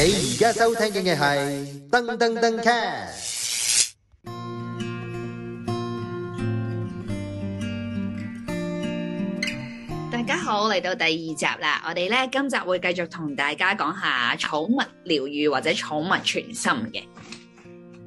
你而家收聽嘅係噔噔噔 cast。大家好，嚟到第二集啦，我哋呢今集會繼續同大家講下寵物療愈或者寵物全心嘅。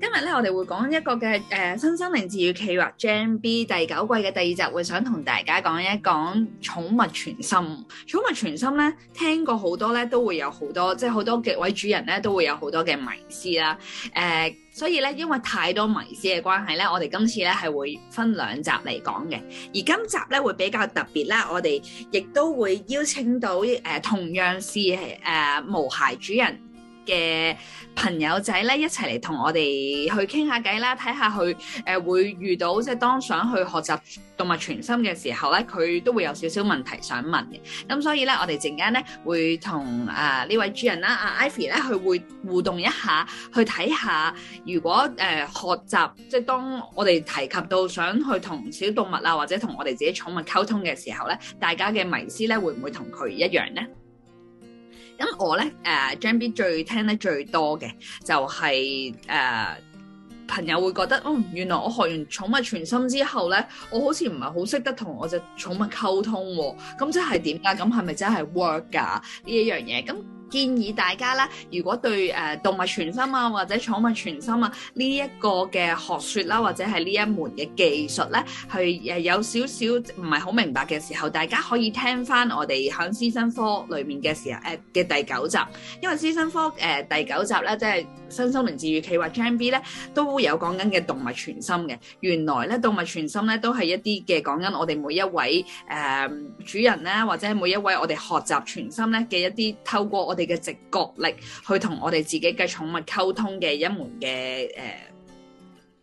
今日咧，我哋會講一個嘅誒、呃《新生靈治與企劃》JMB 第九季嘅第二集，會想同大家講一講寵物全心。寵物全心咧，聽過好多咧，都會有好多即係好多嘅位主人咧，都會有好多嘅迷思啦。誒、呃，所以咧，因為太多迷思嘅關係咧，我哋今次咧係會分兩集嚟講嘅。而今集咧會比較特別啦，我哋亦都會邀請到誒、呃，同樣是誒、呃、毛孩主人。嘅朋友仔咧，一齊嚟同我哋去傾下偈啦，睇下佢誒、呃、會遇到即係、就是、當想去學習動物傳心嘅時候咧，佢都會有少少問題想問嘅。咁所以咧，我哋陣間咧會同誒呢、呃、位主人啦，阿 Ivy 咧，佢會互動一下，去睇下如果誒、呃、學習即係當我哋提及到想去同小動物啊，或者同我哋自己寵物溝通嘅時候咧，大家嘅迷思咧會唔會同佢一樣咧？咁我咧誒 Gemini 最聽得最多嘅就係、是、誒、uh, 朋友會覺得，嗯，原來我學完寵物全心之後咧，我好似唔係好識得同我隻寵物溝通喎。咁即係點啊？咁係咪真係 work 㗎呢一樣嘢？咁。建議大家咧，如果對誒動物傳心啊，或者寵物傳心啊呢一個嘅學説啦、啊，或者係呢一門嘅技術咧，係誒有少少唔係好明白嘅時候，大家可以聽翻我哋響師生科裏面嘅時候誒嘅、呃、第九集，因為師生科誒第九集咧，即係。身心靈治愈企劃 JMB 咧都有講緊嘅動物傳心嘅，原來咧動物傳心咧都係一啲嘅講緊我哋每一位誒、呃、主人咧，或者每一位我哋學習傳心咧嘅一啲透過我哋嘅直覺力去同我哋自己嘅寵物溝通嘅一門嘅誒。呃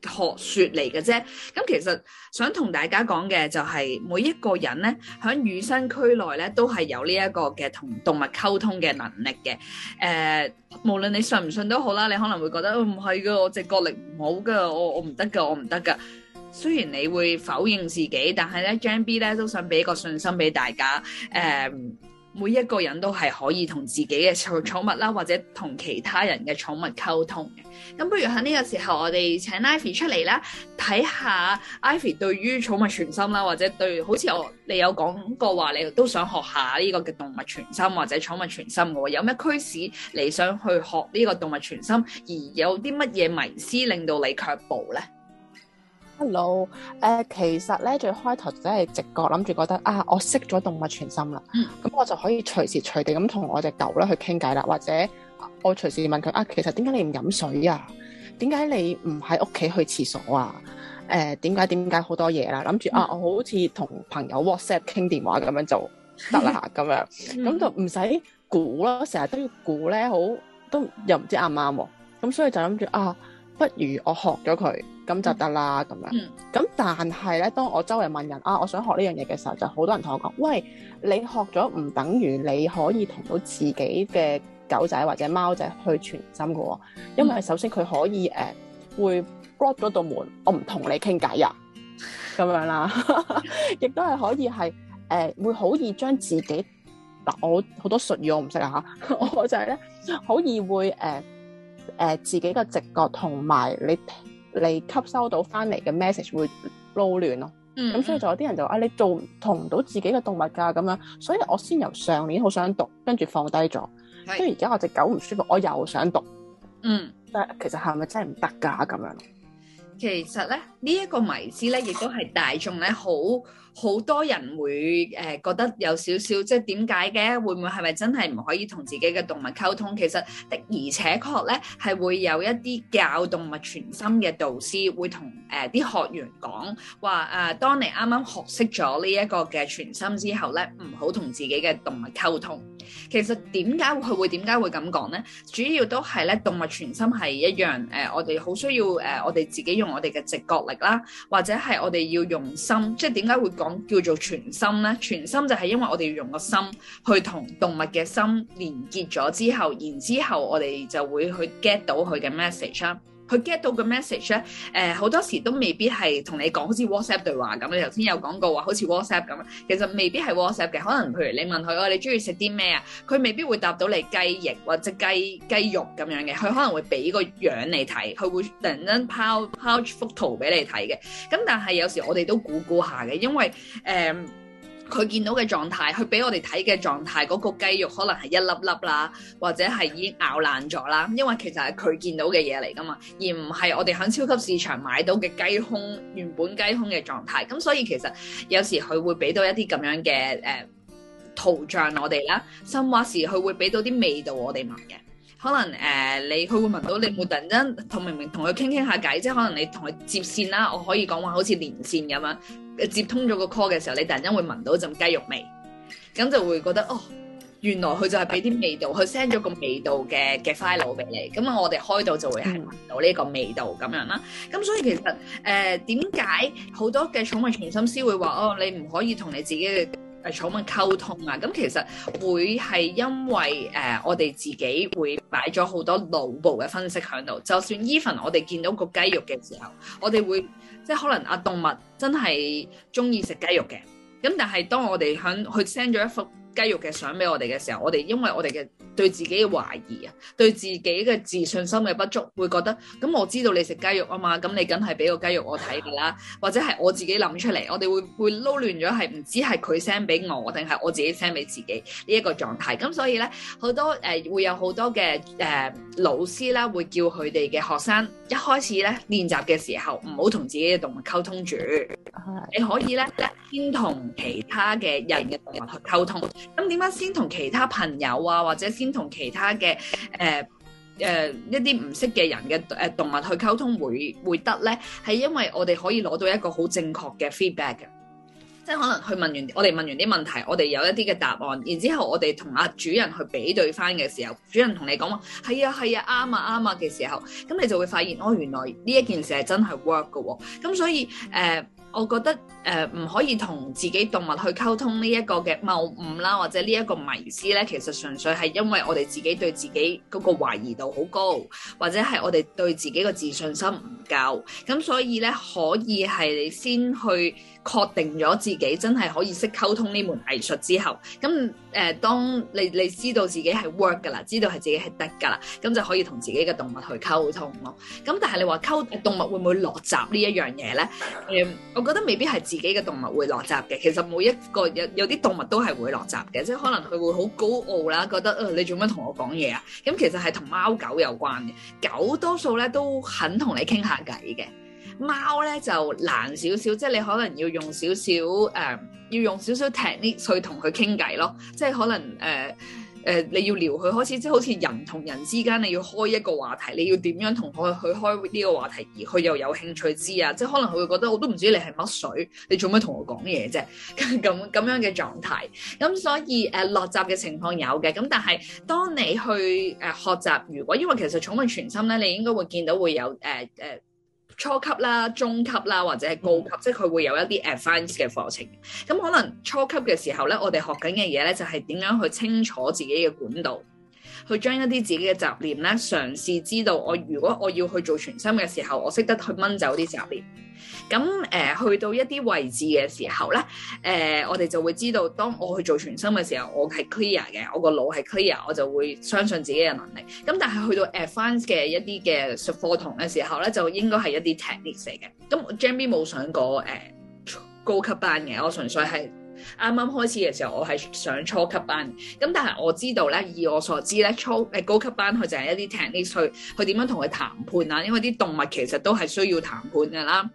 學説，嚟嘅啫，咁其實想同大家講嘅就係，每一個人咧，喺與生俱來咧都係有呢一個嘅同動物溝通嘅能力嘅。誒、呃，無論你信唔信都好啦，你可能會覺得唔係噶，我直覺力唔好噶，我我唔得噶，我唔得噶。雖然你會否認自己，但係咧 j e m B 咧都想俾一個信心俾大家誒。呃嗯每一個人都係可以同自己嘅寵物啦，或者同其他人嘅寵物溝通嘅。咁不如喺呢個時候我，我哋請 Ivy 出嚟啦，睇下 Ivy 對於寵物傳心啦，或者對，好似我你有講過話，你都想學下呢個嘅動物傳心或者寵物傳心喎。有咩驅使你想去學呢個動物傳心，而有啲乜嘢迷思令到你卻步呢？Hello，誒、呃、其實咧最開頭真係直覺諗住覺得啊，我識咗動物全心啦，咁、嗯、我就可以隨時隨地咁同我隻狗咧去傾偈啦，或者我隨時問佢啊，其實點解你唔飲水啊？點解你唔喺屋企去廁所啊？誒點解點解好多嘢啦、啊？諗住、嗯、啊，我好似同朋友 WhatsApp 傾電話咁樣就得啦，咁、嗯、樣咁就唔使估咯，成日都要估咧，好都又唔知啱唔啱喎，咁所以就諗住啊，不如我學咗佢。咁就得啦，咁樣咁。嗯、但係咧，當我周圍問人啊，我想學呢樣嘢嘅時候，就好多人同我講，喂，你學咗唔等於你可以同到自己嘅狗仔或者貓仔去傳心噶喎、哦。因為首先佢可以 block 咗道門，我唔同你傾偈啊，咁樣啦，亦 都係可以係誒、呃、會好易將自己嗱，我好多術語我唔識啊嚇， 我就係咧好易會誒誒、呃呃、自己嘅直覺同埋你你吸收到翻嚟嘅 message 會撈亂咯，咁所以就有啲人就啊，你做同唔到自己嘅動物㗎咁樣，所以我先由上年好想讀，跟住放低咗，跟住而家我隻狗唔舒服，我又想讀，嗯，但係其實係咪真係唔得㗎咁樣？其實咧呢一個迷思咧，亦都係大眾咧好。好多人會誒、呃、覺得有少少，即係點解嘅？會唔會係咪真係唔可以同自己嘅動物溝通？其實的而且確咧，係會有一啲教動物傳心嘅導師會同誒啲學員講話，誒、呃、當你啱啱學識咗呢一個嘅傳心之後咧，唔好同自己嘅動物溝通。其實點解佢會點解會咁講咧？主要都係咧，動物傳心係一樣誒、呃、我哋好需要誒、呃、我哋自己用我哋嘅直覺力啦，或者係我哋要用心，即係點解會講。叫做全心咧，全心就係因為我哋要用個心去同動物嘅心連結咗之後，然之後我哋就會去 get 到佢嘅 message 啦。佢 get 到個 message 咧，誒、呃、好多時都未必係同你講，好似 WhatsApp 對話咁。你頭先有講過話，好似 WhatsApp 咁，其實未必係 WhatsApp 嘅。可能譬如你問佢、哦，你中意食啲咩啊？佢未必會答到你雞翼或者雞雞肉咁樣嘅，佢可能會俾個樣你睇，佢會突然間拋拋張 photo 俾你睇嘅。咁但係有時我哋都估估下嘅，因為誒、呃佢見到嘅狀態，佢俾我哋睇嘅狀態，嗰、那個雞肉可能係一粒粒啦，或者係已經咬爛咗啦。因為其實係佢見到嘅嘢嚟㗎嘛，而唔係我哋喺超級市場買到嘅雞胸，原本雞胸嘅狀態。咁所以其實有時佢會俾到一啲咁樣嘅誒圖像我哋啦。甚或時佢會俾到啲味道我哋聞嘅。可能誒、呃、你佢會聞到你，會突然間同明明同佢傾傾下偈，即係可能你同佢接線啦，我可以講話好似連線咁樣。接通咗個 call 嘅時候，你突然間會聞到一陣雞肉味，咁就會覺得哦，原來佢就係俾啲味道，佢 send 咗個味道嘅嘅 file 俾你，咁啊我哋開到就會係聞到呢個味道咁樣啦。咁所以其實誒點解好多嘅寵物傳心師會話哦，你唔可以同你自己嘅誒寵物溝通啊，咁其實會係因為誒、呃、我哋自己會擺咗好多腦部嘅分析喺度，就算 even 我哋見到個雞肉嘅時候，我哋會即係可能啊動物真係中意食雞肉嘅，咁但係當我哋響去 send 咗一幅。雞肉嘅相俾我哋嘅時候，我哋因為我哋嘅對自己懷疑啊，對自己嘅自信心嘅不足，會覺得咁我知道你食雞肉啊嘛，咁你梗係俾個雞肉我睇嘅啦，或者係我自己諗出嚟，我哋會會撈亂咗，係唔知係佢 send 俾我，定係我自己 send 俾自己呢一、這個狀態。咁所以咧，好多誒、呃、會有好多嘅誒、呃、老師啦，會叫佢哋嘅學生。一開始咧練習嘅時候，唔好同自己嘅動物溝通住。你可以咧先同其他嘅人嘅動物去溝通。咁點解先同其他朋友啊，或者先同其他嘅誒誒一啲唔識嘅人嘅誒動物去溝通會會得咧？係因為我哋可以攞到一個好正確嘅 feedback 嘅。即係可能去問完我哋問完啲問題，我哋有一啲嘅答案，然之後我哋同阿主人去比對返嘅時候，主人同你講話係啊係啊啱啊啱啊嘅時候，咁你就會發現哦、oh, 原來呢一件事係真係 work 㗎喎。咁所以誒、呃，我覺得誒唔、呃、可以同自己動物去溝通呢一個嘅謬誤啦，或者呢一個迷思咧，其實純粹係因為我哋自己對自己嗰個懷疑度好高，或者係我哋對自己個自信心唔夠。咁所以咧，可以係你先去。確定咗自己真係可以識溝通呢門藝術之後，咁誒、呃，當你你知道自己係 work 噶啦，知道係自己係得噶啦，咁就可以同自己嘅動物去溝通咯。咁但係你話溝動物會唔會落閘呢一樣嘢咧？誒、嗯，我覺得未必係自己嘅動物會落閘嘅，其實每一個有有啲動物都係會落閘嘅，即係可能佢會好高傲啦，覺得啊、呃、你做乜同我講嘢啊？咁、嗯、其實係同貓狗有關嘅，狗多數咧都肯同你傾下偈嘅。貓咧就難少少，即係你可能要用少少誒，要用少少 technique 去同佢傾偈咯。即係可能誒誒、呃呃，你要撩佢開始，即係好似人同人之間，你要開一個話題，你要點樣同佢去開呢個話題，而佢又有興趣知啊？即係可能佢會覺得我都唔知你係乜水，你做咩同我講嘢啫？咁 咁樣嘅狀態。咁所以誒、呃、落閘嘅情況有嘅。咁但係當你去誒學習，如果因為其實寵物全心咧，你應該會見到會有誒誒。呃呃初級啦、中級啦，或者係高級，mm hmm. 即係佢會有一啲 advance 嘅課程。咁可能初級嘅時候咧，我哋學緊嘅嘢咧就係點樣去清楚自己嘅管道。去將一啲自己嘅雜念咧，嘗試知道我如果我要去做全心嘅時候，我識得去掹走啲雜念。咁誒、呃，去到一啲位置嘅時候咧，誒、呃，我哋就會知道，當我去做全心嘅時候，我係 clear 嘅，我個腦係 clear，我就會相信自己嘅能力。咁但係去到 advanced 嘅一啲嘅課堂嘅時候咧，就應該係一啲 technique 嚟嘅。咁 Jammy 冇上過誒、呃、高級班嘅，我純粹係。啱啱開始嘅時候，我係上初級班，咁但係我知道咧，以我所知咧，初誒高級班佢就係一啲聽啲去佢點樣同佢談判啊？因為啲動物其實都係需要談判㗎啦。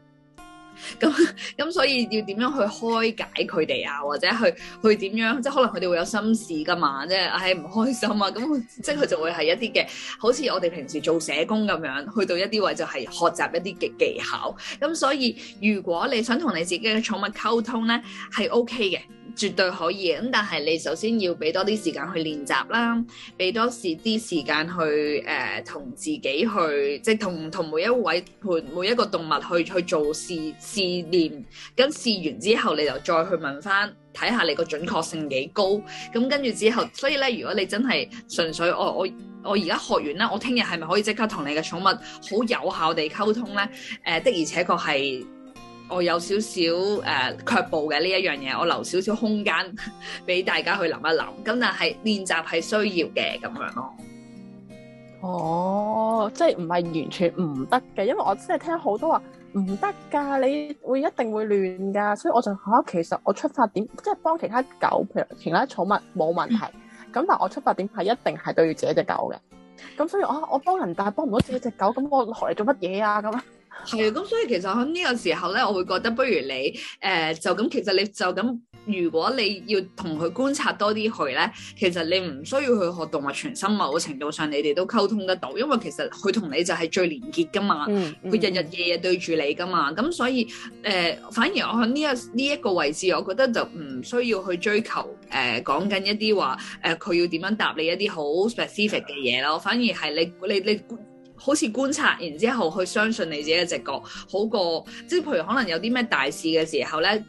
咁咁所以要點樣去開解佢哋啊？或者去去點樣？即係可能佢哋會有心事㗎嘛，即係唉唔開心啊！咁即係佢就會係一啲嘅，好似我哋平時做社工咁樣，去到一啲位就係學習一啲嘅技巧。咁所以如果你想同你自己嘅寵物溝通咧，係 OK 嘅。絕對可以咁，但係你首先要俾多啲時間去練習啦，俾多時啲時間去誒同、呃、自己去，即係同同每一位每每一個動物去去做試試練。咁試完之後，你就再去問翻睇下你個準確性幾高。咁跟住之後，所以咧，如果你真係純粹我我我而家學完啦，我聽日係咪可以即刻同你嘅寵物好有效地溝通咧？誒、呃、的而且確係。我有少少誒卻步嘅呢一樣嘢，我留少少空間俾大家去諗一諗。咁但係練習係需要嘅咁樣咯。哦，即係唔係完全唔得嘅，因為我真係聽好多話唔得㗎，你會一定會亂㗎，所以我就嚇，其實我出發點即係幫其他狗，譬如其他寵物冇問題。咁、嗯、但係我出發點係一定係對住自己隻狗嘅。咁所以啊，我幫人但係幫唔到自己隻狗，咁我學嚟做乜嘢啊？咁。係啊，咁所以其實喺呢個時候咧，我會覺得不如你誒、呃、就咁。其實你就咁，如果你要同佢觀察多啲佢咧，其實你唔需要去學動物傳心。某程度上，你哋都溝通得到，因為其實佢同你就係最連結噶嘛。佢日日夜夜對住你噶嘛，咁、嗯、所以誒、呃，反而我喺呢一呢一、這個位置，我覺得就唔需要去追求誒、呃、講緊一啲話誒，佢、呃、要點樣答你一啲好 specific 嘅嘢咯。嗯嗯、反而係你你你。你你你你好似觀察，然之後去相信你自己嘅直覺，好過即係譬如可能有啲咩大事嘅時候咧，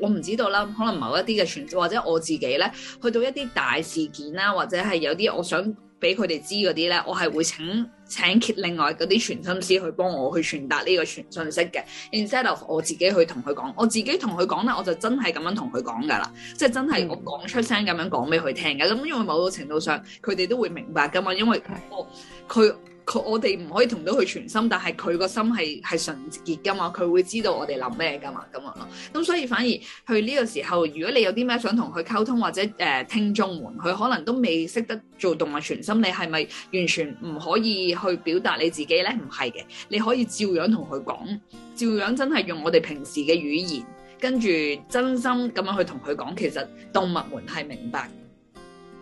我唔知道啦。可能某一啲嘅傳，或者我自己咧，去到一啲大事件啦、啊，或者係有啲我想俾佢哋知嗰啲咧，我係會請請另外嗰啲傳心師去幫我去傳達呢個傳信息嘅。Instead of 我自己去同佢講，我自己同佢講咧，我就真係咁樣同佢講㗎啦，即係真係我講出聲咁樣講俾佢聽嘅。咁因為某個程度上，佢哋都會明白㗎嘛，因為佢。我哋唔可以同到佢傳心，但係佢個心係係純潔㗎嘛，佢會知道我哋諗咩㗎嘛，咁樣咯。咁所以反而去呢個時候，如果你有啲咩想同佢溝通，或者誒、呃、聽眾們，佢可能都未識得做動物傳心，你係咪完全唔可以去表達你自己咧？唔係嘅，你可以照樣同佢講，照樣真係用我哋平時嘅語言，跟住真心咁樣去同佢講，其實動物們係明白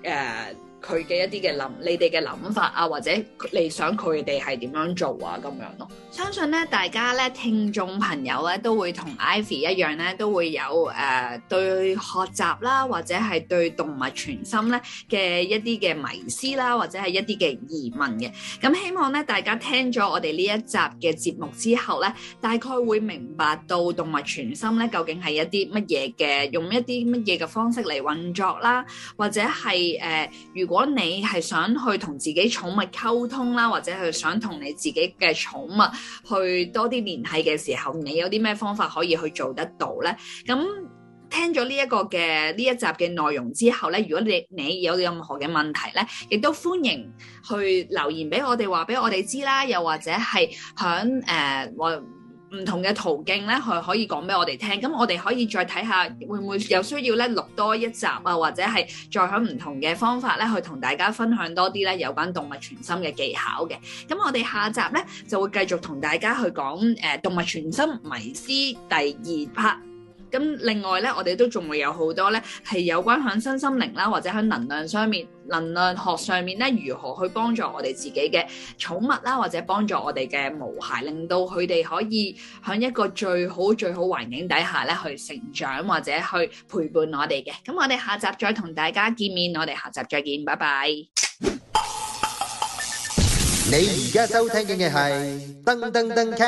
誒。呃佢嘅一啲嘅諗，你哋嘅諗法啊，或者你想佢哋係點樣做啊咁樣咯。相信咧，大家咧，聽眾朋友咧，都會同 Ivy 一樣咧，都會有誒、呃、對學習啦，或者係對動物傳心咧嘅一啲嘅迷思啦，或者係一啲嘅疑問嘅。咁希望咧，大家聽咗我哋呢一集嘅節目之後咧，大概會明白到動物傳心咧究竟係一啲乜嘢嘅，用一啲乜嘢嘅方式嚟運作啦，或者係誒、呃。如。如果你係想去同自己寵物溝通啦，或者係想同你自己嘅寵物去多啲聯繫嘅時候，你有啲咩方法可以去做得到咧？咁聽咗呢一個嘅呢一集嘅內容之後咧，如果你你有任何嘅問題咧，亦都歡迎去留言俾我哋，話俾我哋知啦，又或者係響誒我。唔同嘅途徑咧，佢可以講俾我哋聽。咁我哋可以再睇下，會唔會有需要咧錄多一集啊？或者係再喺唔同嘅方法咧，去同大家分享多啲咧有關動物傳心嘅技巧嘅。咁我哋下集咧就會繼續同大家去講誒、呃、動物傳心迷思第二 part。咁另外咧，我哋都仲會有好多咧，係有關喺身心靈啦，或者喺能量上面、能量學上面咧，如何去幫助我哋自己嘅寵物啦，或者幫助我哋嘅毛孩，令到佢哋可以喺一個最好最好環境底下咧去成長，或者去陪伴我哋嘅。咁我哋下集再同大家見面，我哋下集再見，拜拜。你而家收聽緊嘅係噔噔噔卡。